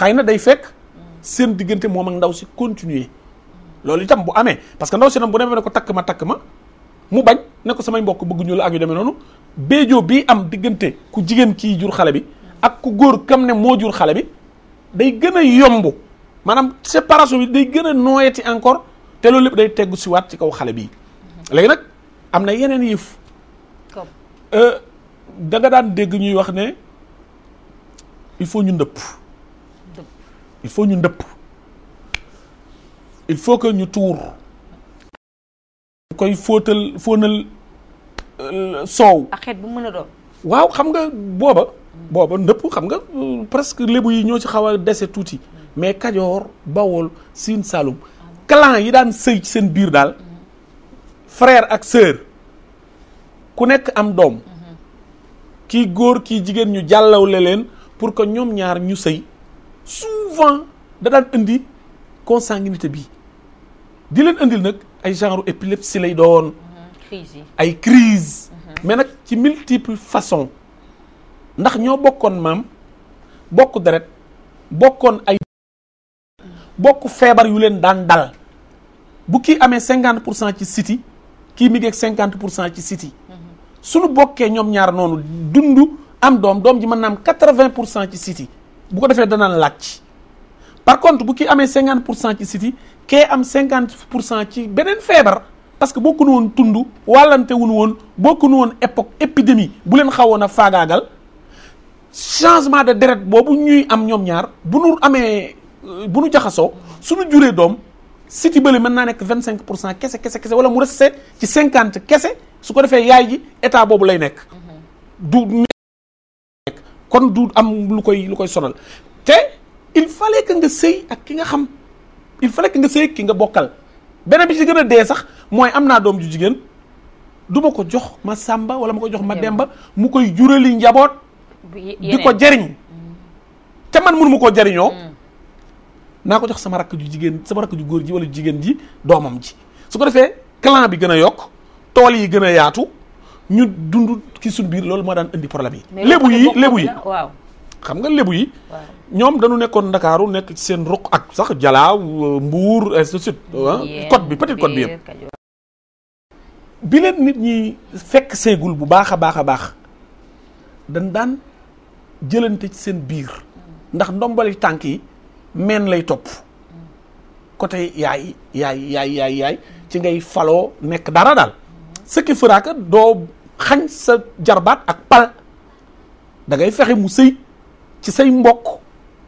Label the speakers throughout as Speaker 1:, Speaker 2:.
Speaker 1: xëy na day fekk seen diggante moom ak ndaw si continuer loolu itam bu amee parce que ndaw si na bu demee ne ko takk ma takk ma mu bañ ne ko samay mbokk bëgguñu la ak yu demee noonu béejoo bii am diggante ku jigéen kii jur xale bi ak ku góor kam ne moo jur xale bi day gën a yomb maanaam séparation bi day gën a nooyati encore te loolu lépp day teggu si waat ci kaw xale bi léegi nag am na yeneen yëf euh, da nga daan dégg ñuy wax ne il faut ñu ndëpp il faut ñu ndëpp il faut que ñu tuur koy fóotal fóonal euh, soow xeet bu mën a doon waaw xam nga booba booba ndëpp xam nga euh, presque lébu yi ñoo ci xaw a dese tuuti mais Kajoor Bawol Siin Saalum clan yi daan sëy ci seen biir daal frère ak sœur ku nekk am doom kii góor kii jigéen ñu jàllawle leen pour que ñoom ñaar ñu sëy souvent da daan indi consanguinité bi di leen indil nag ay genre épilepsie lay doon. Mhm. ay crise mhm. mais nag ci multiple façon ndax ñoo bokkoon maam bokk deret bokkoon ay. bokk feebar yu leen daan dal bu kii amee cinquante pour cent ci siti kii mi ngi ak cinquante pour cent ci siti mhm. suñu bokkee ñoom ñaar noonu dund am doom doom ji mën naam am vingt pour cent ci siti bu ko defee danaan laaj par contre bu ki amee cinquante pour cent ci siti kee am cinquante pour cent ci beneen feebar parce que bokkuñu woon tund wàllante wuñu woon bokkuñu woon époque épidémie bu leen xawoon a faagaagal changement de deret boobu ñuy am ñoom ñaar bu nu amee bu nu jaxasoo su suñu juree doom siti bële mën naa nekk vingt cinq pour cent kese kese kese wala mu resté ci cinquante kese su ko defee yaay ji état boobu lay nekk mhm. kon du am lu koy lu koy sonal il fallait que nga sëy ak ki nga xam il fallait que nga sëy ak ki nga bokkal beneen bi ci gën a dee sax mooy am naa doom ju jigéen duma ko jox ma sàmba wala ma ko jox ma demba mu koy jurali njaboot
Speaker 2: di ko jariñ mm.
Speaker 1: ca man mënu koo jariñoo mm. naa ko jox sama rakk ju jigéen sama rakk ju góor ji walla jigéen ji doomam ji su ko defee clan bi gën a yokk tool yi gën a yaatu ñu dund ci suñ biir loolu moo daan indi problème yi lébu yi lébu yi waaw xam nga lébu yi ñoom dañu nekkoon ndakaaru nekk ci seen ruq ak sax jalaaw euh, mbuur ainsi de suite euh, côte bi peut-être côte bi yëpp bi nit ñi fekk seegul bu baax a baax a baax dañ daan jëlante ci seen biir ndax ndombali tànk yi meen lay topp côté yaay yaay yaay yaay ci ngay faloo nekk dara daal ce qui doo xañ sa jarbaat ak pal fexe mu sëy ci say mbokk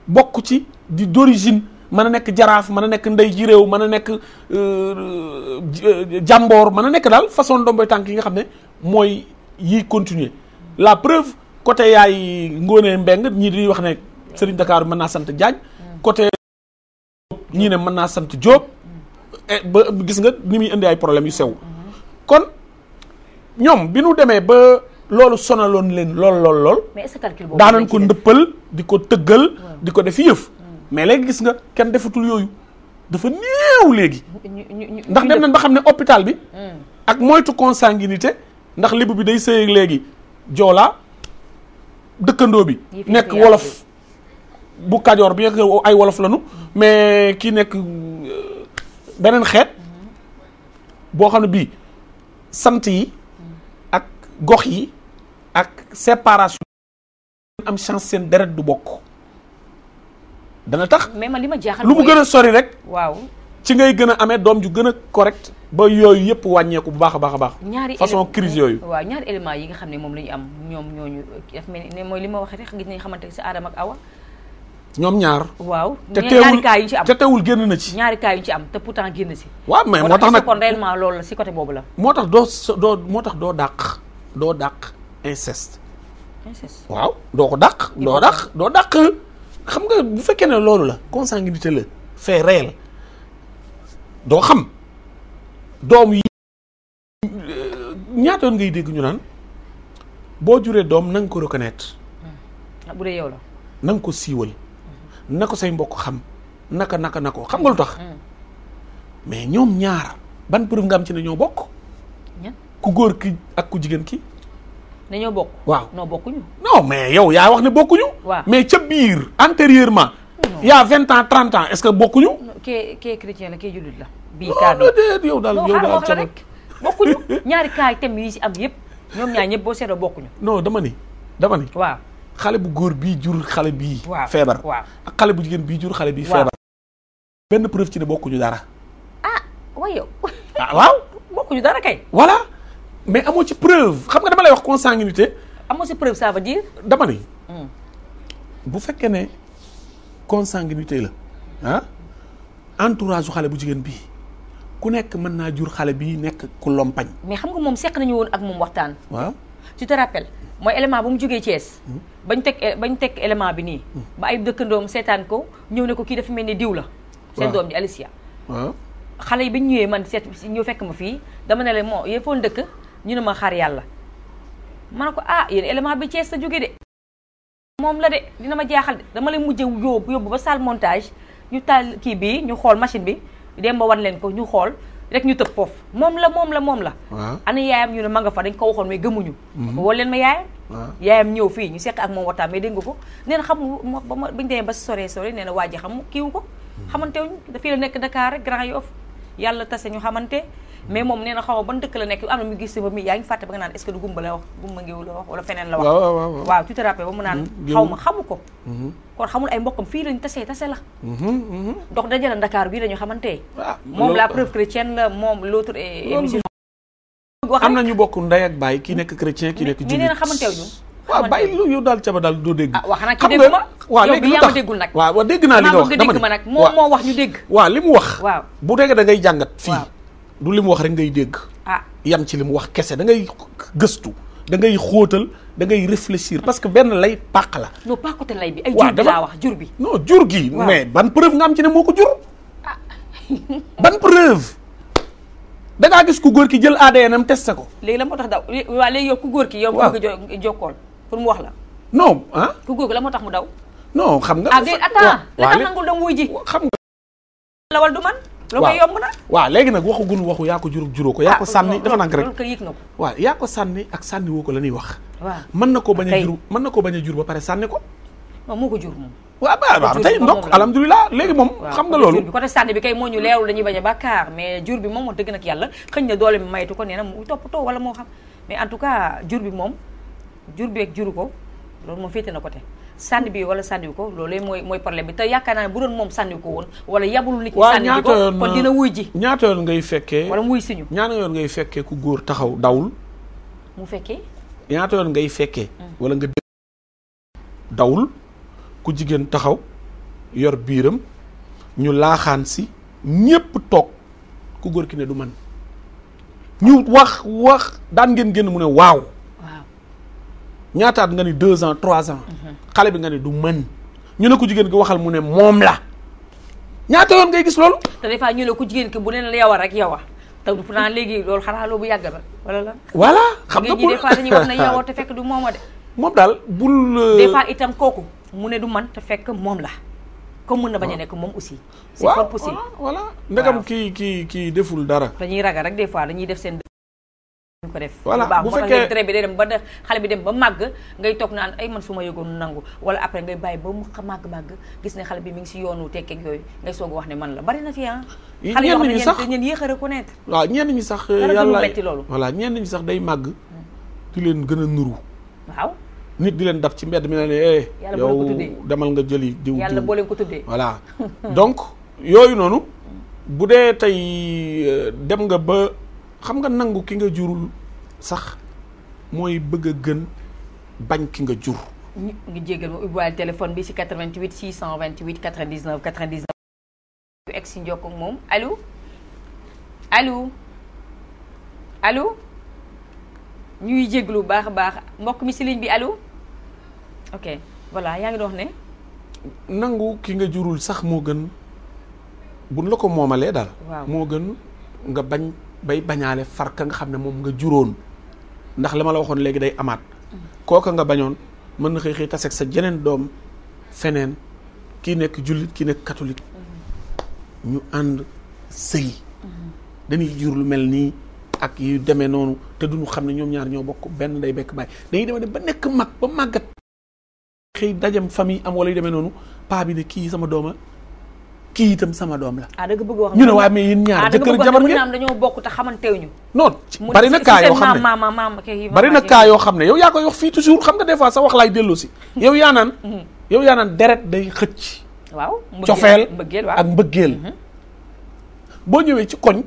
Speaker 1: bokk ci di d'origine mën a nekk jaraaf mën a nekk ndey ji réew mën a nekk euh, euh, jàmboor mën a nekk daal façon ndomboy tànk yi nga xam ne mooy yi continuer la preuve côté yaay Ngoné Mbeng ñii di wax ne Serigne Dakar mën naa sant Diagne côté ñii ne mën naa sant Diop eh, ba gis nga ni muy indi ay problèmes yu sew mm-hmm. kon ñoom bi nu demee ba loolu sonaloon leen lool lool lool.
Speaker 2: mais est-ce que calcul boobu ko
Speaker 1: ndëppal di ko tëggal. di ko def yëf. Hmm. mais léegi gis nga kenn defatul yooyu dafa néew léegi. ndax dem nañ ba xam ne hôpital bi. Hmm. ak moytu consanguinité ndax libu bi day sëyeeg léegi joolaa dëkkandoo bi. nekk wolof bu kajoor bi ay wolof lañu. mais kii nekk euh, beneen xeet. Hmm. boo xam ne bi sant yi. gox yi ak séparation am chance seen deret du bokk dana tax
Speaker 2: mais man li ma jaaxal lu mu gën a
Speaker 1: sori rek waaw ci ngay gën a amee doom ju gën a correct ba yooyu yëpp wàññeeku bu baax a baax a baax ñaari façon crise yooyu
Speaker 2: waaw ñaari élément yi nga xam ne moom la ñu am ñoom ñooñu daf mel ne mooy li ma waxee rek gis nañ xamante si Adama ak Awa
Speaker 1: ñoom ñaar waaw te teewul ñaari cas
Speaker 2: yu ci am te teewul génn na ci ñaari cas yu ci am te pourtant génn si
Speaker 1: waaw mais moo tax nag kon
Speaker 2: réellement loolu la si côté boobu la
Speaker 1: moo tax doo doo moo tax doo dàq doo dàq inceste. inceste waaw doo ko dàq. doo dàq doo dàq. xam nga bu fekkee ne loolu la consanguinité la fait réel doo xam doom yi euh, ñaata yoon ngay dégg ñu naan boo juree doom na nga ko reconnaître.
Speaker 2: Hmm. Ah, bu dee
Speaker 1: ko siiwal. Hmm. na ko say mbokk xam naka naka na ko xam nga lu tax. Hmm. mais ñoom ñaar ban preuve nga am ci ne ñoo bokk. ku góor ki ak ku jigéen ki. dañoo bokk. waaw non bokkuñu. non mais yow yaa wax ne bokkuñu. waaw mais ca biir antérieurement. il vingt ans trente ans est-ce que bokku bokkuñu.
Speaker 2: kee kee chrétien la kee jullit la. bii kaa
Speaker 1: bi yow daal yow daal ca rek bokkuñu ñaari kaay thème yi si am yëpp ñoom ñaar ñëpp boo seetloo bokkuñu. non dama ni dama xale bu góor bii jur xale bii. waaw feebar ak xale bu jigéen bii jur xale bii. feebar benn preuve ci ne bokkuñu dara.
Speaker 2: ah, ah waaw
Speaker 1: yow. kay. voilà. mais amoo ci preuve xam nga dama lay wax consanguinité. amoo ci preuve ça veut dire. dama ni. Hmm. bu fekkee ne consanguinité la ah entourage xale bu jigéen bii ku nekk mën naa jur xale bi nekk ku lompañ.
Speaker 2: mais xam nga moom seq nañu woon ak moom waxtaan. waaw ci te mooy élément bu mu jógee Thiès. Hmm. bañ teg bañ teg élément bi nii. Hmm. ba ay dëkkandoom seetaan ko ñëw ne ko kii dafa mel ni diw la. seen doom di Alicia. waaw xale yi ñu ñëwee man seet ñëw fekk ma fii dama ne la moo yëppoon dëkk. ñu ne ma xaar yàlla ma a ko ah yéen élément bi Thiès sa jóge de moom la de dina ma jaaxal dama leen mujje yóbbu yóbbu ba salle montage ñu taal kii bii ñu xool machine bi dem ba wan leen ko ñu xool rek ñu tëb foofu moom la moom la moom la ana yaayam ñu ne ma nga fa dañ ko waxoon may gëmuñu mhm. woo leen ma yaayam yaayam ñëw fii ñu seq ak moom waxtaan mais dégg nga ko nee na xam ba ma bañ ba sore sore nee na waa ji xam kiiwu ko mhm. xamante wuñ fii la nekk Dakar rek xamante mais moom nee na xaw ma ban dëkk la nekk am na mu gis ba mi yaa ngi fàtte ba naan est gumba la wax gumba ngeew wax wala feneen la wax waaw tu te ba mu naan mm-hmm. xaw ma xamu ko mm-hmm. kon xamul ay mbokkam fii lañ tasee tase la mm-hmm, donc dajale Dakar bii dañu xamante ah, moom la preuve chrétienne la moom l'autre
Speaker 1: am na ñu bokk ndey ak baay kii nekk chrétien kii nekk jullit nee na xamanteew ñu waaw bàyyi lu yow daal caba daal ah, wax nag ki déggu ma waaw léegi lu tax déggul nag waaw dégg naa li nga wax dégg ma nag moom moo wax ñu dégg waaw li mu wax bu dégg da ngay jàngat fii du li mu wax rek ngay dégg. ah yam ci li mu wax kese da ngay gëstu da ngay xóotal da ngay réfléchir parce que benn lay pàq la.
Speaker 2: non pàqute lay bi ay jur bi laa wax
Speaker 1: jur bi. non jur gi. mais ban preuve nga am ci ne moo ko jur. Ah. ban preuve. da ngaa gis ku góor ki jël ADN am testé ko.
Speaker 2: léegi la moo tax daw waa yow ku góor ki. yow bëgg a jokkool pour mu wax la. non ah. ku góor ki la moo tax mu daw.
Speaker 1: non xam nga. ah déedéet attends la tax nangul
Speaker 2: dem wuy ji. xam nga. lu koy yomb na
Speaker 1: waaw léegi nag waxagun waxu yaa ko jurug juróo ko yaa ah, ko sànni dafa nank rek ko yëg na ko waaw yaa ko sànni ak sànni woo ko la ñuy wax waaw mën na ko bañ a jur mën na ko bañ jur ba pare sànni ko
Speaker 2: moom moo ko jur moom
Speaker 1: waaw ba waaw tey ndok alhamdulilah léegi moom xam nga loolu
Speaker 2: côté sànni bi kay moo ñu leerul dañuy bañ a bàkkaar mais jur bi moom wax dëgg nag yàlla xëñ na doole mi maytu ko nee na mu toppatoo wala moo xam mais en tout cas jur bi moom jur bi ak juru ko loolu moom féete na côté sànni bi wala sànniwu ko loolu mooy mooy problème bi te yaakaar naa bu doon moom sànniwu ko woon wala yabul nit ñi sànni bi ko kon dina wuy
Speaker 1: ji ñaata yoon ngay fekkee wala ku góor taxaw dawul mu fekkee ñaata ngay fekkee mm. wala nga dawul ku jigéen taxaw yor biiram ñu laaxaan si ñépp toog ku góor ki ne du man ñu wax wax daan ngeen génn mu ne waaw ñaataat nga ni deux ans trois ans. xale bi nga ni du mën. ñu ne ko jigéen gi waxal mu ne moom la.
Speaker 2: ñaata yoon ngay gis loolu. te des ñu ne ko jigéen ki bu ne la yow rek yow a te pourtant léegi loolu xanaa loolu bu yàgg la wala la. voilà xam nga bu des fois dañuy wax te fekk du moom a
Speaker 1: de. moom daal bul. Euh,
Speaker 2: kooku mu ne du man te fekk moom la. comme mën na bañ a ah. nekk moom aussi. c'est pas possible voilà
Speaker 1: ndegam kii kii kii deful dara.
Speaker 2: dañuy ragal rek des fois dañuy def seen. ko def bu fekkee trait bi day dem ba de xale bi dem ba màgg ngay toog naan ay man su ma yëgoon nangu wala après ngay bàyyi ba mu màgg gis ne xale bi mi ngi si yoonu tekkeeg ah. a reconnaître waaw
Speaker 1: ñenn ñi sax yàlla metti a nuru di leen daf ci mbedd mi ne ne eh, yow demal nga jëli diw yàlla ko tuddee voilà donc yooyu noonu bu dee tey euh, dem nga ba xam nga nangu ki nga jurul sax mooy bëgg a gën bañ ki nga jur.
Speaker 2: ñu ngi jégal ma ubbiwaale téléphone bi si 88 628 99 99. ñu egg si njokk ak moom allo allo allo ñuy lu baax a baax mbokk mi si ligne bi allo ok voilà yaa ngi doon ne.
Speaker 1: nangu ki nga jurul sax moo gën buñ la ko moomalee daal. moo gën nga bañ. bay bañaale far nga xam ne moom nga juróon ndax la ma la waxoon léegi day amaat kooka nga bañoon mën na xëy xëy taseeg sa jeneen doom feneen kii nekk jullit kii nekk katolik ñu ànd sëy dañuy jur lu mel nii ak yu demee noonu te duñu xam ne ñoom ñaar ñoo bokk benn day bekk bàyyi dañuy demee ba nekk mag ba màggat xëy dajem famille am wala yu demee noonu paa bi ne kii sama dooma kii itam sama doom la.
Speaker 2: ah da nga bëgg ñu ne waa mais yéen ñaar ah, jëkkër jabar ngeen ah dañoo te xamantewuñu.
Speaker 1: non bari na kaa yoo xam
Speaker 2: ne bari na kaa
Speaker 1: yoo xam ne yow yaa koy wax fii toujours xam nga des fois sa wax laay dellu si. yow yaa naan. Mhm. yow yaa deret day xëcc. waaw cofeel ak mbëggeel. Mhm. boo ñëwee ci koñ.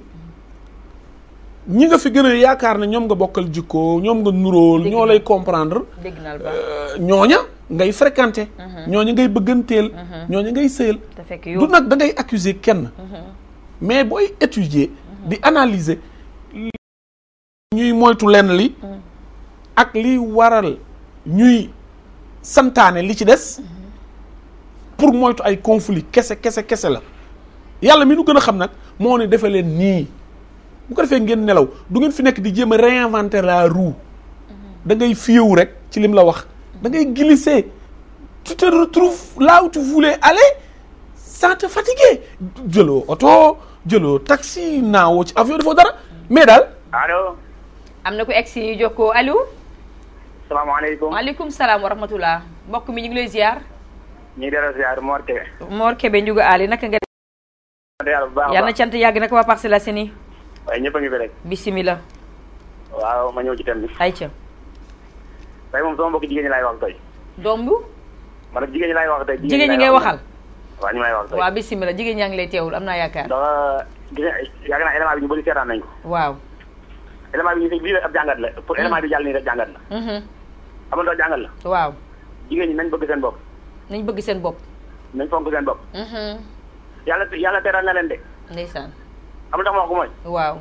Speaker 1: ñi nga fi gën a yaakaar ne ñoom nga bokkal jikko ñoom nga nuróol ñoo lay comprendre.
Speaker 2: dégg euh,
Speaker 1: ñooña. ngay fréquenté. Mhm. ñooñu ngay bëgganteel. Mhm. ñooñu ngay sëyal. du nag da ngay accuser kenn. Mhm. mais booy étudier. di analyser. ñuy moytu leen li. ak liy waral ñuy santaane li ci des. pour moytu ay conflit kese kese kese la. yàlla mi nu gën a xam nag moo ne defe leen nii bu ko defee ngeen nelaw du ngeen fi nekk di jéem a réinventer la roue da ngay fiyewu rek ci lim la wax. da ngay glisser tu te retrouves là où tu voulais aller sans te jëloo oto jëloo taxi ci avion defoo dara mais daal. allo.
Speaker 2: am na ku egg si ñu jokkoo allo. salaamaaleykum waaleykum salaam wa rahmatullah mbokk mi ñu ngi lay ziar.
Speaker 3: ñu ngi delloo ziar Mor Kébé.
Speaker 2: Mor Kébé naka nga. yàlla na cant yàgg naka waa Parcelles Assainies.
Speaker 3: waaye ñëpp ngi fi rek. bisimilah. waaw ma ñëw ci thème tey moom sama mbokk jigéen ñi laay wax tey. doom bu. man ak jigéen ñi laay wax tey. jigéen ñi ngay waxal. waaw ñu may wax tey waaw
Speaker 2: bisimilah jigéen ñaa ngi lay teewul am naa yaakaar. ndax
Speaker 3: yaakaar naa élément bi ñu bëri seetaan nañ ko. waaw. élément bi ñu lii ab jàngat la pour élément bi jàll nii rek jàngat la.
Speaker 2: Mm-hmm. Mm-hmm.
Speaker 3: amoon na jàngat la. waaw. jigéen ñi nañ bëgg seen bopp. nañ bëgg seen bopp. nañ fonk seen bopp. Mm-hmm. yàlla yàlla teral na leen de. ndeysaan. am wax ko mooy. waaw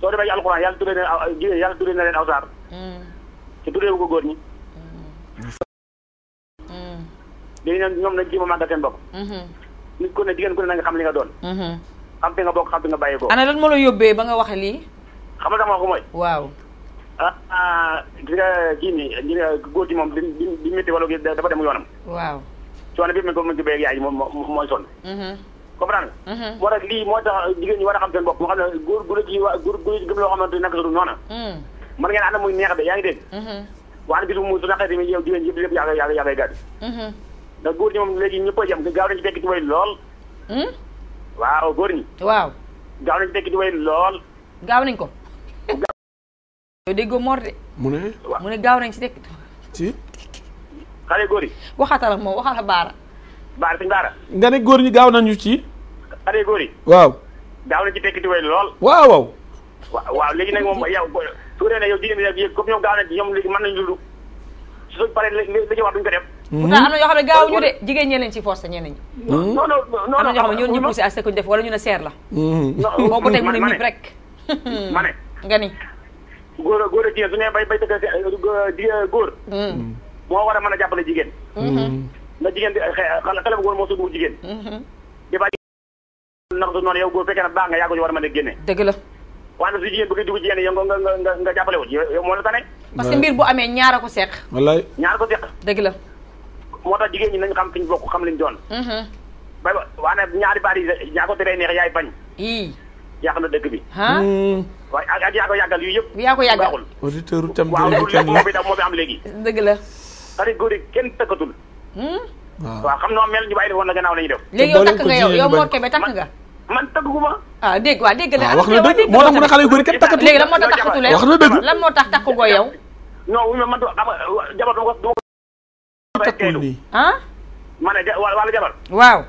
Speaker 3: soo demee alxuraan yàlla tuddee na yàlla tuddee na leen awsaar. Mm. te tuddee wu góor ñi. léegi nag ñoom nañ jéem a màggal seen bopp mhm. nit ku ne jigéen ku ne na nga xam li nga doon mhm. xam fi nga bokk xam fi nga bàyyi
Speaker 2: ana lan moo la yóbbee ba nga waxe lii
Speaker 3: xam nga tax ma ko mooy waaw ah, ah gis nga kii nii gis nga góor gi moom di di métti wala dafa dem yoonam waaw coono bi mu ko mu ci béy yaay ji moom mooy sonn mhm. comprendre nga moo tax lii moo tax jigéen ñi war a xam seen bopp moo xam ne góor gu la ci wa góor gu la ci gëm loo xamante nekk sa du noona mën ngeen ànd muy ndax góor ñi moom léegi ñëpp a yem gaaw nañu fekk ci way lool. Hmm? waaw góor ñi. waaw. gaaw nañu fekk ci way lool.
Speaker 2: gaaw nañ ko. yow déggoo Mor de. mu ne. mu ne gaaw nañ ci dekk.
Speaker 1: ci.
Speaker 3: xale góor yi. waxatal ak moom waxatal baara.
Speaker 1: baara suñu baara. nga ne góor ñi gaaw nañu ci. xale góor yi. waaw.
Speaker 3: gaaw nañ ci tekki di way lool. waaw waaw. waaw waaw léegi nag moom yow su ko defee yow jigéen ñi comme ñoom gaaw nañ ci ñoom léegi mën nañu lu su paree li li ci wax duñ ko def. pourtant hmm? am na ñoo xam ne gaawuñu de
Speaker 2: jigéen ñee leen ci force ñeneen ñi. non hmm? am na ñoo xam ne ñoo ñu poussé ñu wala ñu ne seer la.
Speaker 3: Hmm. boobu tey mu ne mib
Speaker 2: rek. ma
Speaker 3: ne nga ni. góor a a jigéen su ñu bay bay dëkk euh, góor. Euh, moo war a jàppale jigéen. na jigéen di eh, xale bu góor moo sut jigéen. dafa naka su noonu yow góor fekkee na baax nga yaa ko war a mën a génne. dëgg la. waaye su jigéen bëgg dugg jigéen yow nga nga nga jàppale wu yow moo la tane.
Speaker 1: parce que
Speaker 2: mbir bu amee ñaar a ko seq.
Speaker 1: wallaay
Speaker 3: ñaar ko seq. la. moo tax jigéen ñi nañ xam fi ñu bokk xam liñ doon. Mhm. ba waa ne ñaari baat yi ñaa ko teree neex yaay bañ. yàq na dëkk bi. Hmm. waaye ak ak yaa ko yàggal yu yëpp. yaa ko yàggal baaxul.
Speaker 1: auditeur tam waaw loolu lépp moo fi def moo fi am léegi.
Speaker 3: dëgg la. xarit góor yi kenn tëkkatul. Hmm? waaw xam noo mel ñu bàyyi woon na gannaaw nañu def. léegi yow takk
Speaker 2: nga yow yow Mor Kébé dëgg
Speaker 1: moo
Speaker 3: tax moo tax ko duma damay teelu ah ma ne wàllu jabar waaw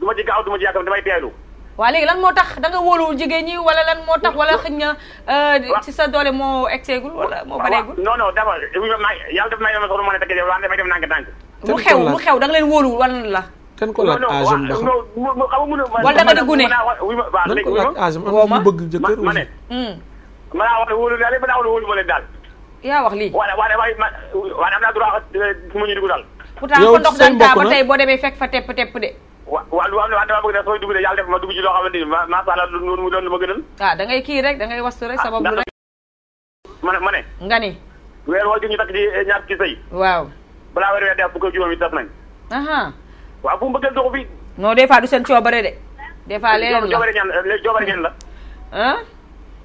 Speaker 3: du ma ci gaaw du ma ci yàkkam damay teelu
Speaker 2: waa léegi lan moo tax da nga wóoluwul jigéen ñi wala lan moo tax wala xëy na
Speaker 3: euh, ci sa doole moo egseegul wala moo bareegul non non dafa yàlla def may ma soxna ma ne takk waaye damay dem nànk nànk
Speaker 1: mu xew mu xew
Speaker 3: da nga leen wóoluwul wala lan la
Speaker 1: kan ko laaj âge am ba xam
Speaker 3: wala da nga di gune kan ko laaj
Speaker 1: âge am am bëgg jëkkër ma ne
Speaker 3: hmm. ma naa wax ne wóolu naa leen ma naa wax ne wóolu ma leen daal yaa wax lii. waaye waaye waaye man waaye am naa mu euh, ñu dugg daal. yow ci say taa ba tey
Speaker 2: boo demee fekk fa tepp tepp de.
Speaker 3: wa wa lu am ne waaw de sooy de yàlla def ma dugg ci loo xamante ni ma macha allah lu mu doon lu ma gënal.
Speaker 2: ah da ngay kii rek da ngay wastu rek ah, sababu
Speaker 3: rek. ma ne ma ne. nga ni. weer woo ñu takk di eh, ñaar ci sëy. waaw. balaa weer weer def bu ko juróomi tas nañ. waaw bu mu bëggee dox bi.
Speaker 2: non des fois du seen coobare de.
Speaker 3: des fois leneen la ñan la coobare ñan la. ah.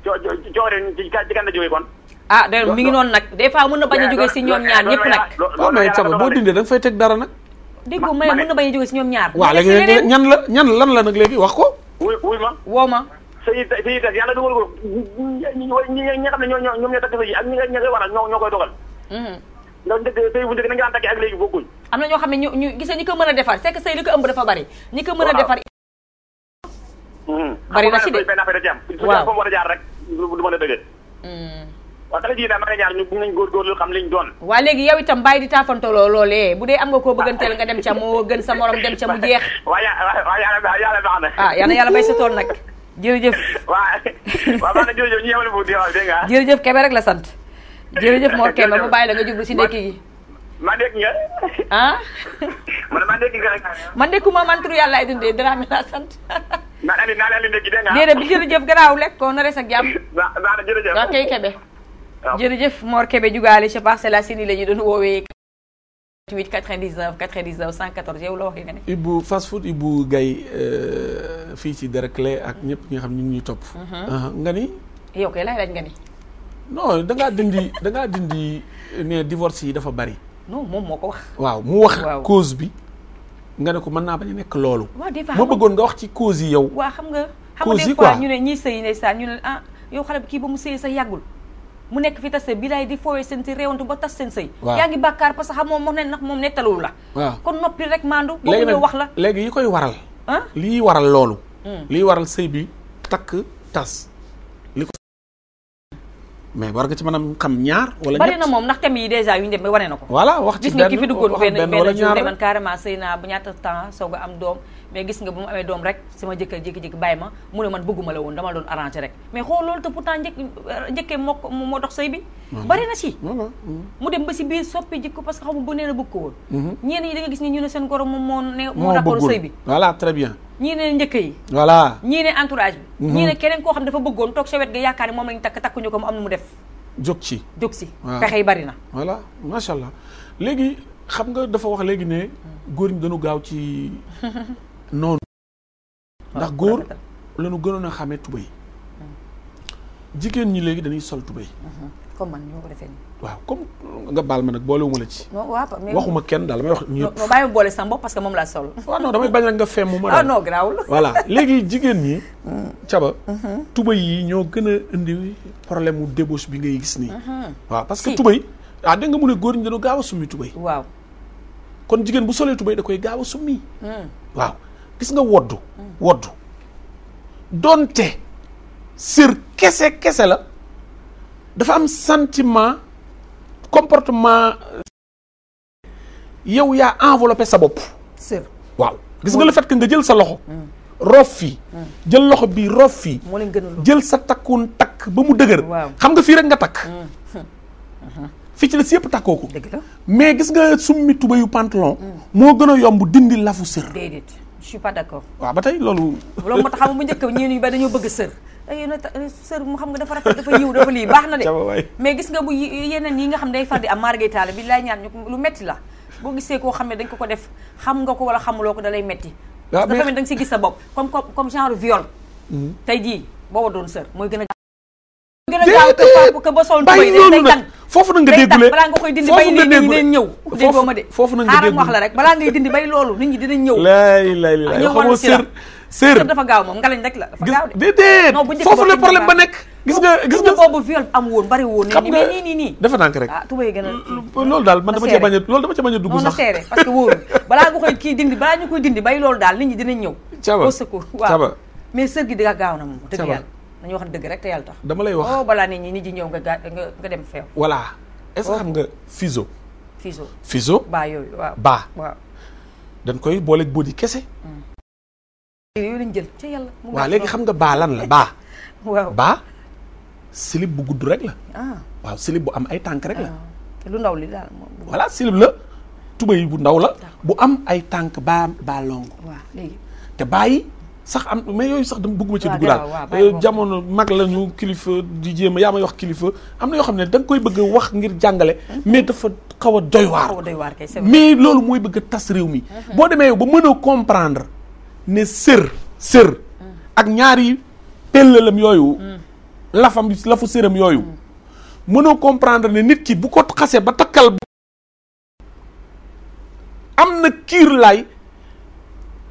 Speaker 3: co coobare ci kan la jógee
Speaker 1: ah de mi ngi noonu
Speaker 2: nag des fois mën na bañ a jógee si ñoom ñaar ñëpp nag.
Speaker 1: waaw ah, mais caba boo dindee da fay teg dara nag.
Speaker 2: dégg nga mën na bañ a jógee si ñoom ñaar. waaw léegi
Speaker 1: ñan la ñan lan la nag léegi wax ko.
Speaker 3: wuy wuy ma woo ma. sëy sëy tey yàlla dugal ko ñi ñoo ñoom ñoo takk sëy ak ñi nga ña koy hmm.
Speaker 2: ñoo xam ne ñu ñu gis ñi ko mën a defar c'est ko ëmb dafa bari ñi ko mën a defar
Speaker 3: hmm. bari na ci de waaw benn affaire da ci a jaar rek du mën waaw xale ji daal ma ne ñaar ñu bu nañ góorgóorlu xam liñ doon
Speaker 2: waa léegi yow itam bàyyi di taafantoloo loolee bu dee am nga koo bëgganteel nga dem ca moo gën sa morom dem ca mu jeex
Speaker 3: waa yàlla baax yàlla baax na ah yàlla yàlla bay sa tool nag jërëjëf waa waaw baax na jërëjëf ñu yemale bu di waaw dégg nga
Speaker 2: jërëjëf Kébé rek la sant jërëjëf Mor Kébé mu bàyyi la nga jublu si ndekki gi ma ndekk nga ah? man ma ndekki nga ma man turu yàlla ay dundee dara mi laa sant
Speaker 3: naa leen naa leen ndekki dégg nga déedéet bi jërëjëf
Speaker 2: garaaw lekk koo na res ak jàmm waa jërëjëf waa kay Kébé Ah. jërëjëf Mor Kébé jugaale ca Parcelles Assainies la ñu doon woowee. 88 99 99 114 yow la wax nga ne.
Speaker 1: Ibou fast food Ibou Gaye euh, fii si Derklé ak ñëpp ñi nga xam ñu ngi ñuy topp. Mhm. Ah, nga ni.
Speaker 2: yow kay laaj laaj nga ni.
Speaker 1: non da ngaa dindi da ngaa dindi ne divorce yi dafa bari.
Speaker 2: non moom moo ko wax.
Speaker 1: waaw mu wax cause bi. nga ne ko mën naa bañ a nekk loolu.
Speaker 2: waaw des fois ma bëggoon
Speaker 1: nga wax ci cose yi yow.
Speaker 2: waaw xam nga. cause yi quoi xam nga ñu ne ñiy sëy ndeysaan ñu ne ah yow xale bi kii ba mu sëy sa yàggul. mu nekk fi tase bi lay di foowee seen si réewantu ba tas seen sëy yaa ngi bàkkaar parce que xam moom moom ne nag moom nettaluwu la kon noppi rek maandu boobu ñu wax la
Speaker 1: léegi yi koy waral ah lii waral loolu hmm. lii waral sëy bi takk tas li ko mais war nga ci ñaar wala bari na
Speaker 2: moom ndax thème dèjà yu na ko voilà
Speaker 1: wax ci benn gis
Speaker 2: naa bu ñaata temps soog am doom mais gis nga bu mu amee doom rek sama jëkkër jékki-jékki bàyyi ma mu ne man bëgguma la woon dama doon arrangé rek mais xool loolu te pourtant njëkk njëkkee moo ko moo dox sëy bi bari na ci mu dem ba si biir soppi jikko parce que xamu bu nee na bëgg ko woon mhm. ñenn ñi ni ñu ne seen goro moo ne moo d'accord sëy bi ñii ne njëkk yi voilà ñii ne entourage bi mhm. ñii ne keneen koo xam dafa bëggoon toog sa wet ga yaakaar ne moom lañ takk takkuñu ko mu am nu mu def
Speaker 1: jóg ci jóg ci pexe yi bari na voilà macha allah léegi xam nga dafa wax léegi ne hmm. góor ñi dañu gaaw ci noonu ah, ndax góor lanu ñu gënoon a xamee hmm. jigéen ñi léegi dañuy sol tubéy hmm.
Speaker 2: comme man ñoo waaw
Speaker 1: comme nga baal ma nag boolewuma la ci. waxuma kenn daal damay wax ñëpp.
Speaker 2: non bàyyi ma boole sama bopp parce que moom laa sol. damay
Speaker 1: bañ rek nga fem mu ma. ah non garaawul. voilà léegi jigéen ñi. caba. Hmm. tubay yi ñoo gën a indi problème mu débauche bi ngay gis nii. waaw parce que tubay. ah dégg nga mu ne góor ñi dañoo gaaw a summi tubay. waaw kon jigéen bu solee tubay da koy gaaw a summi. waaw gis nga woddu woddu donte sër kese kese la dafa am sentiment comportement yow yaa enveloppé sa bopp sër waaw gis nga la fait que nga jël sa loxo hmm. roof fii hmm. jël loxo bi roof fii jël sa takkoon takk ba mu dëgër xam nga fii rek nga takk hmm. fii ci la si yëpp takkoo ko mais gis nga summi tuba yu pantalon moo gën a yomb dindi lafu sër je pas d'accord. waaw ba tey loolu.
Speaker 2: loolu moo tax xam bu njëkk ñii ba dañoo bëgg sër. Eh, eh, sër mu xam nga dafa rafet dafa yiw dafa lii baax na de. mais gis nga bu yeneen yi nga xam day far di am margay taale bi laay ñaan lu metti la boo gisee koo xam ne dañ ko ko def xam nga ko wala xamuloo ko dalay metti dafa mel da nga si gis sa bopp comme comme genre viol. Mm-hmm. tey jii booba doon sër mooy gën a. gën a gaaw topp ko ba sol bay loolu nag foofu nag nga déggule balaa nga koy dindi bay nit rek loolu nit ñi dafa gaaw moom ngalañ rek la de déedéet foofu la problème ba nekk
Speaker 1: gis nga gis nga boobu viol am woon bari nii nii nii dafa nànk rek ah, daal man dama cee bañ a loolu dama cee a dugg sax na seere
Speaker 2: parce que wóoru balaa nga koy kii dindi balaa ñu koy dindi bay loolu daal nit ñi dinañ ñëw caba caba gi di gaaw na moom dëgg yàlla nañu wax dëgg rek te yàlla tax.
Speaker 1: dama lay wax oh
Speaker 2: balaa nit ñi nit ñi ñëw nga gaa nga nga dem feew.
Speaker 1: voilà est-ce oh. xam nga fiso. fiso fiso. baa yooyu waaw baa. waaw dañ koy booleek boo di kese. Hmm. yooyu
Speaker 2: jël ca yàlla. waaw léegi xam nga
Speaker 1: baa lan la baa. waaw baa silib bu gudd rek la. Ah. waaw silib bu am ay tànk rek la.
Speaker 2: Ah. lu ndaw li daal moom.
Speaker 1: voilà silib la tubéy bu ndaw la. bu am ay tànk baa baa long. te baa yi. sax am mais yooyu sax dama bëgguma ci dugg daal euh, jamono mag la ñu kilifa di jéem a yaa may wax kilifa am na yoo xam ne da nga koy bëgg wax ngir jàngale mais dafa xaw a doy waar mais loolu mooy bëgg a tas réew mi mm-hmm. boo demee ba mën a comprendre ne sër sër mm. ñaari yooyu mm. lafam lafu séram yooyu mm. mënoo comprendre ne nit ki bu ko xase ba takkal am na kiir laay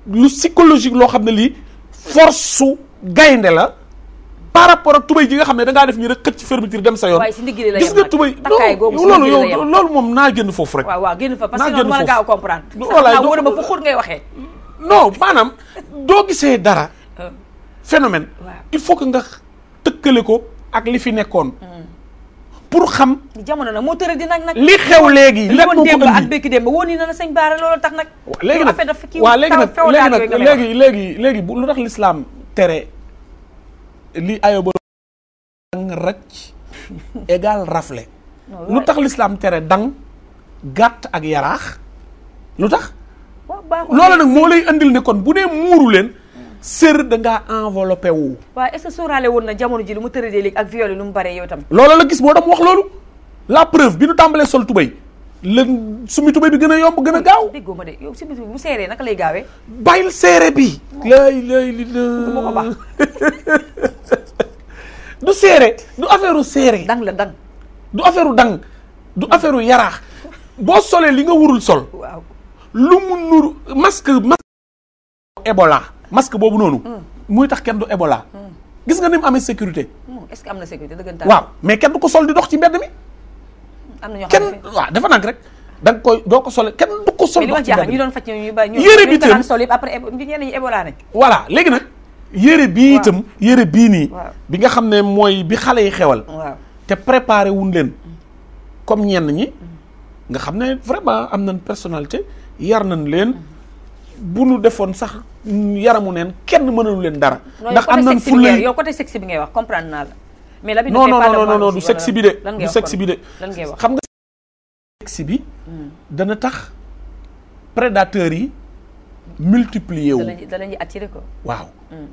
Speaker 1: lu psychologique loo xam ne lii force su gaynde la par rapport a tubay ji nga xam ne dangaa def ñu rek xët ci fermeture dem sa yoon
Speaker 2: gis nga tubay loolu yow
Speaker 1: loolu moom naa génn foofu rek waaw génn fa parce que noonu mën ngaa
Speaker 2: comprendre voilà wóor ma
Speaker 1: maanaam doo gisee dara euh. phénomène il faut que nga tëkkale ko ak li fi nekkoon euh. pour xam.
Speaker 2: jamono nag moo tëral di nag nag. li xew léegi lépp moo ko indi ak béykat yi woon na sëñ Baara loolu tax nag. léegi nag waaw léegi nag léegi nag léegi
Speaker 1: léegi léegi bu lu tax lislaam tere li ayoba dang rëcc égal rafle lu tax lislaam tere dang gàtt ak yaraax lu tax.
Speaker 2: loolu nag moo lay
Speaker 1: andil ne kon bu dee muuru leen. sër da ngaa enveloppé wu.
Speaker 2: waaw est woon na jamono ji lu mu tëradee léegi ak viol yi lu mu baree yow tam.
Speaker 1: loolu la gis moo dam wax loolu la preuve bi nu tàmbalee sol tubéy lan sumi tubéy bi gën a yomb gën a gaaw. déggoo yow sumi tubéy bu seeree naka lay gaawee. bàyyil seere bi. lay lay li la. du seere du affaire seere. dang la dang. du affaire u dang du affaire u yaraax boo solee li nga wurul sol. waaw lu mu nuru masque masque. masque boobu noonu. Hmm. muy tax kenn du Ebola. Hmm. gis nga ni mu amee sécurité.
Speaker 2: Hmm. est-ce am na sécurité dëggantaan waaw
Speaker 1: mais kenn du ko sol di dox ci mbedd mi.
Speaker 2: na ñoo kenn waaw
Speaker 1: dafa nànk rek. da nga koy doo ko sol kenn du ko sol. dox ci mbedd mi
Speaker 2: ñu ñu bàyyi ñu. yére bi itam sol yëpp après ñenn
Speaker 1: nag. yére bii itam yére bii nii. bi nga xam ne mooy bi xale yi xewal. te préparé wuñ leen. comme ñenn ñi. nga xam ne vraiment am nañ personnalité yar nañ leen. bu nu defoon sax yaramu neen kenn mënalu leen dara. ndax am nañ fulla yow
Speaker 2: côté sexe bi ngay wax comprendre naa la. mais la bi non non non du sexe bi de du sexe bi de
Speaker 1: xam nga. sexe bi hmm. dana tax prédateurs yi multiplier wu.
Speaker 2: da leen di ko waaw. Hmm.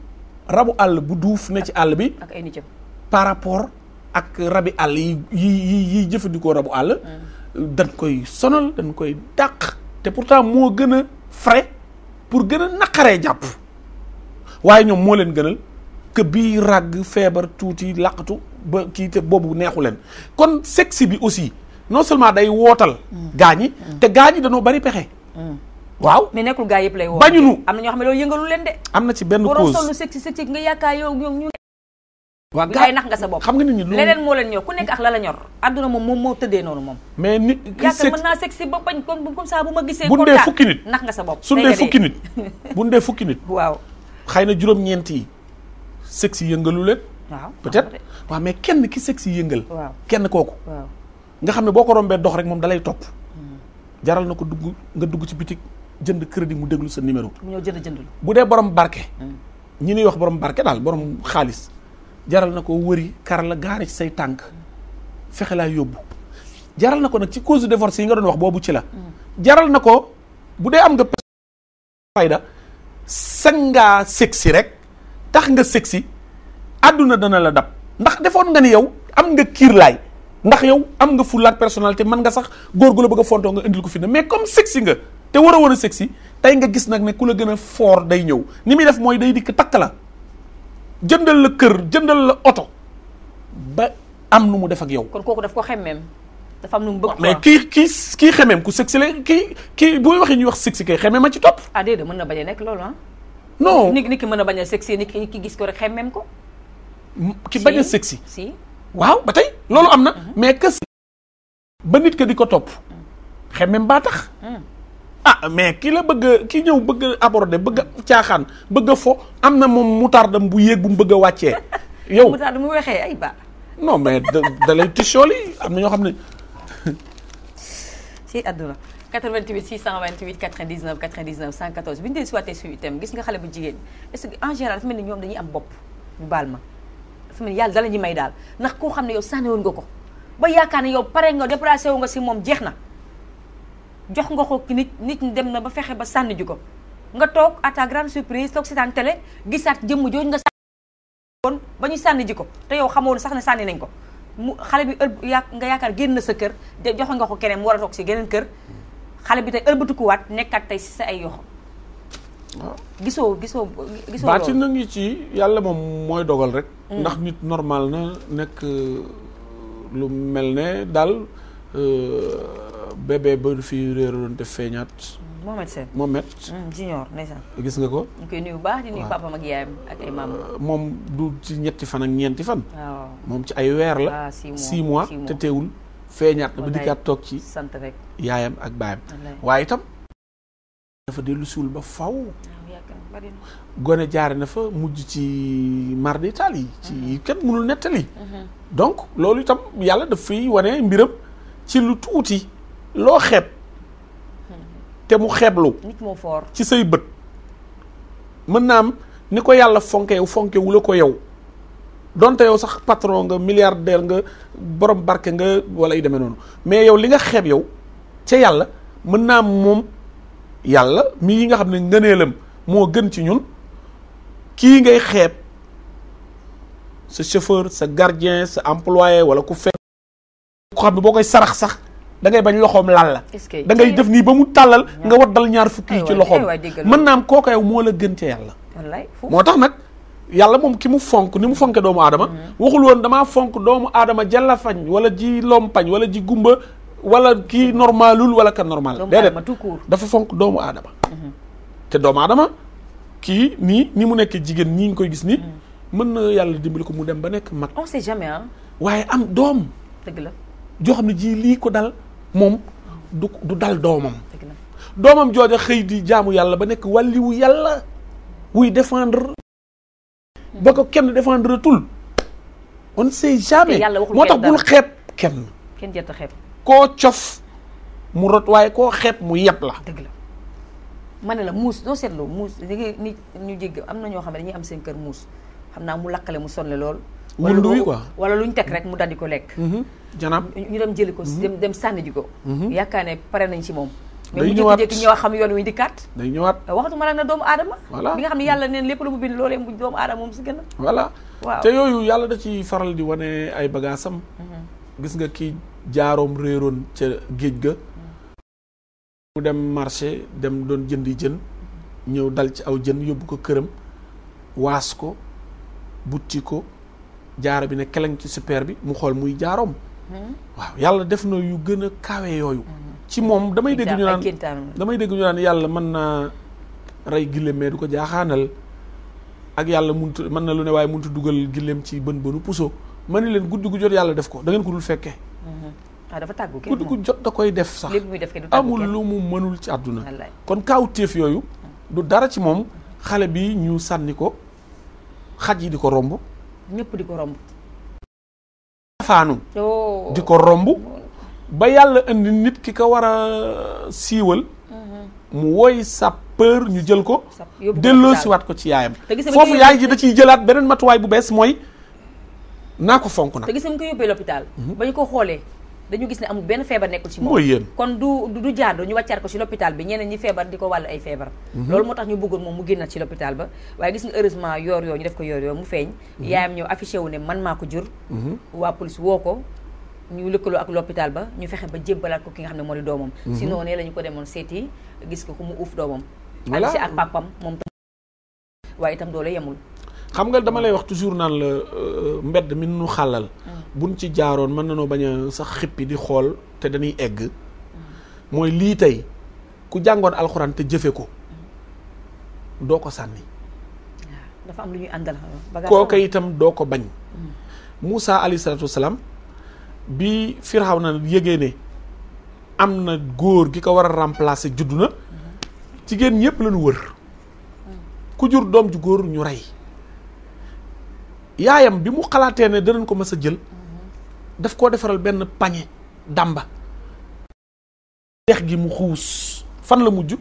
Speaker 1: rabu àll bu duuf ne ci àll bi. ak ay nitam par rapport ak rabi àll yi yi yi jëfandikoo rabu àll. Hmm. dañ koy sonal dañ koy dàq. te pourtant moo gën a frais. pour gën a naqaree jàpp waaye ñoom moo leen gënal que bii ràgg feebar tuuti laqatu ba kii te boobu neexu leen kon sexe bi aussi non seulement day wootal. gaa ñi mm. te gaa ñi bari pexe. Mm. waaw
Speaker 2: mais nekkul gaa yëpp lay woo. bañu am na ñoo xam ne loolu yëngalul leen de. am na ci benn cause waroon sonn sexe sexe nga yaakaar yow waaw gars yi nax nga sa bopp xam nga nit ñi loolu leneen moo leen ñor ku nekk ak la la ñor adduna moom moom moo tëddee noonu moom
Speaker 1: mais nit yaakaar mën naa
Speaker 2: sexy ba bañ comme comme ça bu ma gisee bu dee fukki nit nax nga sa bopp suñ dee fukki nit
Speaker 1: bu dee na juróom ñeenti yi sexy yëngalu leen waaw peut-être waaw mais kenn ki sexy yëngal waaw kenn kooku waaw nga xam ne boo ko rombee dox rek moom dalay topp hmm. jaral na ko dugg nga dugg ci bitik jënd crédit mu déglu sa numéro mu ñëw jënd bu dee borom barke hmm. ñi ñuy wax borom barke daal borom xaalis jaral na ko wëri kar la gaari ci say tànk fexe laa yóbbu jaral na ko nag ci cause de divorce yi nga doon wax boobu ci la jaral na ko bu dee am nga fayda sañ ngaa sexy rek tax nga sexy àdduna dana la dab ndax defoon nga ne yow am nga kiir laay ndax yow am nga personal te mën nga sax góor gu la bëgg a fontoo nga indil ko fi ne mais comme sexy nga te war a war a sexy tey nga gis nag ne ku la gën a foor day ñëw ni muy def mooy day dikk takk la jëndal la kër jëndal la oto ba am nu mu def ak yow.
Speaker 2: kon kooku daf ko xemmeem dafa am nu mu bëgg. mais
Speaker 1: kii kii kii xemmeem ku sexy la kii kii booy waxee ñuy wax sexy kay xemmeem a ci topp. ah déedéet mën na bañ nekk loolu ah.
Speaker 2: non nit nit ki mën a bañ a sexy nit ki gis ko rek xemmeem ko.
Speaker 1: ki bañ a sexy si waaw ba tey loolu am na. Mhm. mais que ba nit ka di ko topp mhm. xemmeem baa tax. Mhm. ah mais ki la bëgg ki ñëw bëgg a aborder bëgg a caaxaan bëgg a fo am na moom mutardam bu yéeg bu mu bëgg a wàccee. yow
Speaker 2: mutard mu waxee ay ba.
Speaker 1: non mais da da lay tissuol yi am na ñoo xam ne.
Speaker 2: si àdduna 88 628 99 99 114 bi ñu dee suwaatee suñu itam gis nga xale bu jigéen est-ce que en général dafa mel ni ñoom dañuy am bopp ñu baal ma dafa mel ni yàlla dala may daal ndax koo xam ne yow sànni woon nga ko ba yaakaar ne yow pare nga déplacé wu nga si moom jeex na. jox nga ko nit nit dem na ba fexe ba sànni ji ko nga toog à ta grande surprise toog seetaan télé gisaat jëmm jooju nga sànni ba ñu sànni ko te yow xamoon sax ne sànni nañ ko mu xale bi ëlb ya nga yaakaar génn na sa kër jox nga ko keneen mu toog si geneen kër xale bi tey ëlbatikuwaat nekkaat tey si sa ay yoxo gisoo gisoo gisoo na
Speaker 1: ngi ci yàlla moom mooy dogal rek mm. ndax nit normal na nekk lu mel ne daal euh, bébé ba fi réeroon te feeñaat. Mohamed Sène Mohamed. Mm, junior gis nga ko.
Speaker 2: ñu koy nuyu baax di euh,
Speaker 1: moom du ci ñetti fan ñeenti fan. moom ci ay weer la. Ah, six mois te teewul. feeñaat na ba toog ci. sant rek yaayam ak baayam. waaye itam. dafa dellu suul ba faw
Speaker 2: ah,
Speaker 1: gone jaare na fa mujj ci mar d'Italie yi ci yi mm-hmm. kenn mënul nettali mm-hmm. donc loolu itam yàlla daf wane mbiram ci lu tuuti loo xeeb te mu xeeblu. nit ci say bët. mën naa am ni ko yàlla fonke yow fonke wu la ko yow donte yow sax patron nga milliardaire nga borom barke nga wala ay demee noonu mais yow li nga xeeb yow ca yàlla mën naa am moom yàlla mii yi nga xam ne ngëneelam moo gën ci ñun kii ngay xeeb sa chauffeur sa gardien sa employé wala ku fekk ko xam ne boo koy sarax sax. da ngay bañ loxoom lal la da ngay def nii ba mu tàllal nga dal ñaar fukki yi ci loxoom mën naam kooku yow moo la gën ca yàlla moo tax nag yàlla moom ki mu fonk ni mu fonke doomu aadama mm-hmm. waxul woon damaa fonk doomu aadama jalla fañ wala ji lompañ wala ji gumba wala kii normalul wala ka normal déedéet dafa fonk doomu aadama mm-hmm. te doomu aadama kii nii ni mu nekkee jigéen ñi ngi koy gis ni mm-hmm. mën na yàlla dimbali ko mu dem ba nekk mag on sait jamais waaye am doom dëgg la joo ne ji lii ko dal moom du du dal doomam doomam jooja xëy di jaamu yàlla ba nekk wàlliwu yàlla wuy défendre ba ko kenn défendre tul on sait jamais moo tax bul xeeb kenn kenn jot a xeeb koo cof mu rot waaye koo xeeb mu yeb la dëgg la
Speaker 2: ma ne la muus doo seetloo muus da ngay nit ñu jégg am na ñoo xam ne dañuy am seen kër muus xam naa mu lakkale mu sonle lool wundu wi quoi wala lu ñu teg rek mu daldi ko lekk. Mhm. janaab ñu dem jëli ko mhm. dem dem sànni ko. Mhm. yaakaar ne pare nañ ci moom.
Speaker 1: day ñëwaat mais bu ñoo xam
Speaker 2: yoon wi di kaat. day ñëwaat euh, waxatuma la na doomu aadama. voilà bi nga xam ne yàlla neen lépp lu mu bind loolee mu doomu aadama moom si gën a.
Speaker 1: voilà te yooyu yàlla da ci faral di wane ay bagaasam. gis nga kii jaaroom réeroon ca géej ga. mu dem marché dem doon jëndi jën. ñëw dal ci aw jën yóbbu ko këram waas ko butti ko. jaaro bi ne keleng ci super bi mu xool muy jaaroom waaw yàlla def na yu gën a kawe yooyu ci moom damay dégg ñu
Speaker 2: naan
Speaker 1: damay dégg ñu yàlla mën naa rey gilléem mee du ko jaaxaanal ak yàlla muntu mën na lu ne waaye muntu dugal gilléem ci bën bënu puso ma ni leen guddi gu jot yàlla def ko da ko dul fekkee
Speaker 2: mhm. ah dafa tàggu kenn guddi gu
Speaker 1: jot da koy def sax lépp
Speaker 2: def kenn du amul lu
Speaker 1: mu mënul ci àdduna kon kaawteef yooyu mhm. du dara ci moom xale bi ñu sànni ko xaj yi di ko romb ñëpp di ko romb. faanu oh. di ko romb ba yàlla indi nit ki ko war a siiwal.
Speaker 2: Mm-hmm.
Speaker 1: mu woy sapeur ñu jël ko.
Speaker 2: delloo siwaat
Speaker 1: ko ci yaayam. foofu yaay ji da ciy jëlaat beneen matuwaay bu bees mooy naa ko fonk na. te
Speaker 2: gis nga ko yóbbee l'hôpital. Mm-hmm. ba ñu ko xoolee. dañu gis ne amul benn feebar nekkul ci moom kon du du jaadu ñu wàccaat ko ci l'hôpital bi ñeneen ñi feebar di ko wàllu ay feebar mhm. loolu moo tax ñu bëggoon moom mu génnaat ci l'hôpital ba waaye gis nga heureusement yoor yoo ñu def ko yoor yoo mu feeñ mhm. yaayam ñëw affiché wu ne man maa ko jur mhm. waa police woo ko ñu lëkkaloo ak l'hôpital ba ñu fexe ba jébbalaat ko ki nga xam ne moo di doomam sinon ne la ñu ko demoon seeti gis ko ku mu uuf doomam
Speaker 1: am si ak papam
Speaker 2: moom tam waaye itam doole yemul
Speaker 1: xam nga dama lay wax toujours naan la euh, mbedd mi nu xàllal mm. buñ ci jaaroon mën nañoo bañ a sax xippi di xool te dañuy egg mooy lii tey ku jàngoon alxuraan te jëfe ko doo ko sànni
Speaker 2: dafa am lu ñuy àndal kooka
Speaker 1: itam doo ko bañ mm. Moussa alayhi salaatu wasalaam bi Firxaw na yége ne am na góor gi ko war a remplacer juddu na jigéen ñépp lañu wër mm. ku jur doom ju góor ñu rey yaayam bi mu xalaatee ne danañ ko mës a jël mm. def koo defaral benn pañe dàmba dex gi mu xuus fan la mujj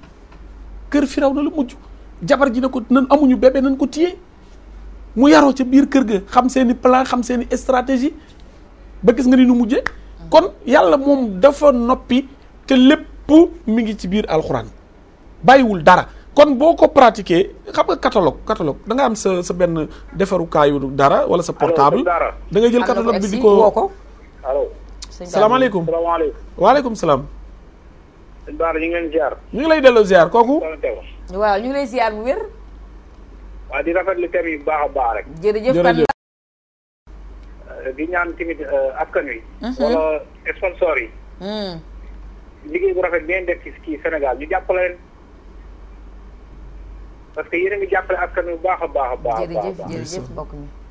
Speaker 1: kër firaw na la mujj jabar ji ne ko nan amuñu bébé nan ko téye mu yaroo ca biir kër ga xam seeni plan xam seeni stratégie ba gis nga ni nu mujje kon yàlla moom dafa noppi te lépp mu ngi ci biir alxuraan bàyyiwul dara kon boo ko pratiquer xam nga catalogue catalogue da nga am sa sa benn defarukaayu dara wala sa portable da ngay jël catalogue bi di ko
Speaker 3: allo. salaamaaleykum salaamaaleykum.
Speaker 1: waaleykum salaam. sëñ Ba ñu ngi leen ziar. ñu ngi lay delloo ziar kooku.
Speaker 2: waaw ñu ngi lay ziar bu wér.
Speaker 1: waaw di rafetlu lu yi bu baax a baax rek. jërëjëf jërëjëf. Euh, di ñaan tamit euh,
Speaker 3: askan wi. Mhm. wala sponsor yi. Mhm. liggéey bu rafet bi ngeen def ci kii
Speaker 1: Sénégal ñu jàppale parce que yéen a ngi jàppale askan wi bu baax a baax a baax. jërëjëf jërëjëf
Speaker 2: mbokk